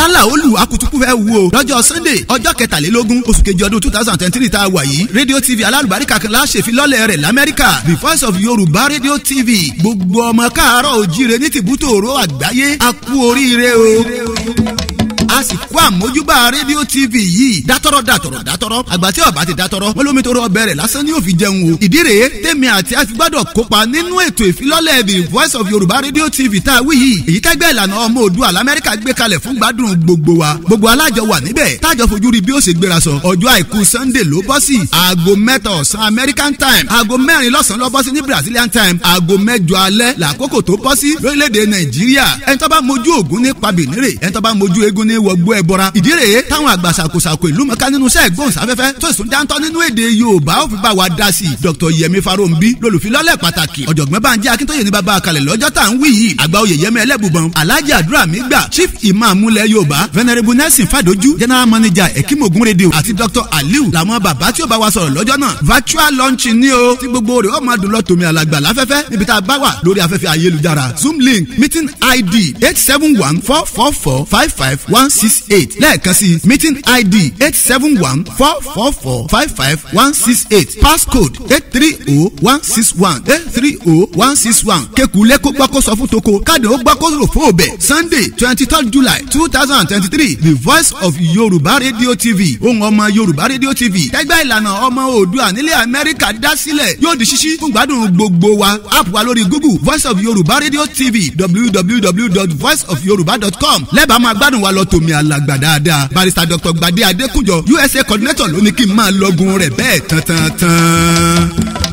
lálà olù akutuku fẹ́ wù o lọ́jọ́ sunday ọjọ́ kẹtàlélógún oṣù kejì ọdún two thousand and three tá wà yìí radio tv alálùbáríkà kan la ṣèfilọ́lẹ̀ rẹ̀ lamẹ́ríkà the voice of yorùbá radio tv gbogbo ọmọ káàárọ̀ òjíire ní tìbútòrò àgbáyé a kú oríire o àsìkò àmójúbà rédíò tv yìí dátọ́rọ́ dátọ́rọ́ dátọ́rọ́ àgbà tí ọba ti dátọ́rọ́ wọn lómi tó rọ ọbẹ̀ rẹ̀ lásán ni yóò fi jẹun o ìdí rèé tèmi àti àfigbádọ̀ kópa nínú ètò ìfilọ́lẹ̀ the voice of yorùbá rédíò tv tá a wí yìí èyí tẹ́gbẹ́ ìlànà ọmọ òdua lamẹ́ríkà gbé kalẹ̀ fún gbádùn gbogbo wa gbogbo alájọ wà níbẹ̀ tájọ fojú rí bí ó ṣe gbéra sọ ọjọ́ àìkú sunday ló bọ́ american time aago mẹ́rin lọ́sàn-án ló bọ́ sí brazilian time aago mẹ́jọ alẹ́ làkókò tó bọ́ sí lórílẹ̀‐èdè nàìjíríà ẹni tó bá mojú ògún ní pabìnírè ẹni wọgbó ẹbọra ìdí rèé táwọn àgbàsàkòsàkò ìlú mọ̀ká nínú iṣẹ́ ìgbóhùnsáfẹ́fẹ́ tó sùn dáńtọ́ nínú èdè Yorùbá ó fi bá wa dá sí i Dr Yẹmi Farounbi lólùfilọ́lẹ̀ pàtàkì ọ̀jọ̀gbọ́n Bánjí Akíntóyè ní bàbá àkàlẹ̀ lọ́jọ́ tá à ń wí yìí àgbà oyè Yẹmi Ẹlẹ́bùbọn Alhaji àdúrà mi gbà Chief Imam ilẹ̀ Yorùbá Venerable Nelson Fadoju General Manager Ekimogun Radio àti Dr Aliu làwọn bàbá tí ó bá wa sọ̀rọ̀ lọ́jọ́ náà virtual launch ni o tí gbogbo rẹ̀ ó máa dùn lọ tòmí alàgbà láfẹ́fẹ́ níbi tá a bá wà lórí afẹ́fẹ́ ayélujára Zoom link meeting ID eight seven one four four four five five one six six eight lẹ́ẹ̀kan sí meeting id eight seven one four four four five five one six eight passcode eight three o oh one six one eight three o oh one six one kekulẹ kó gbàkó sọ fún toko káàdì ó gbàkó rò fún òbẹ sunday twenty third july two thousand and twenty three the voice of Yoruba radio tv ohùn ọmọ yorùbá radio tv tẹ́gbẹ́ ìlànà ọmọ oòduà nílẹ̀ amẹ́ríkà dá sílẹ̀ yóò di ṣíṣí fún gbádùn gbogbo wa app wa lórí google voice of Yoruba radio tv www.voiceofyoruba.com lẹ́bàá máa gbádùn wa lọ tòmí mi alàgbà dáadáa barista dr gbadé adékúnjọ usa coordinator ló ní kí n máa lọgun rẹ̀ bẹ́ẹ̀ tán tán tán.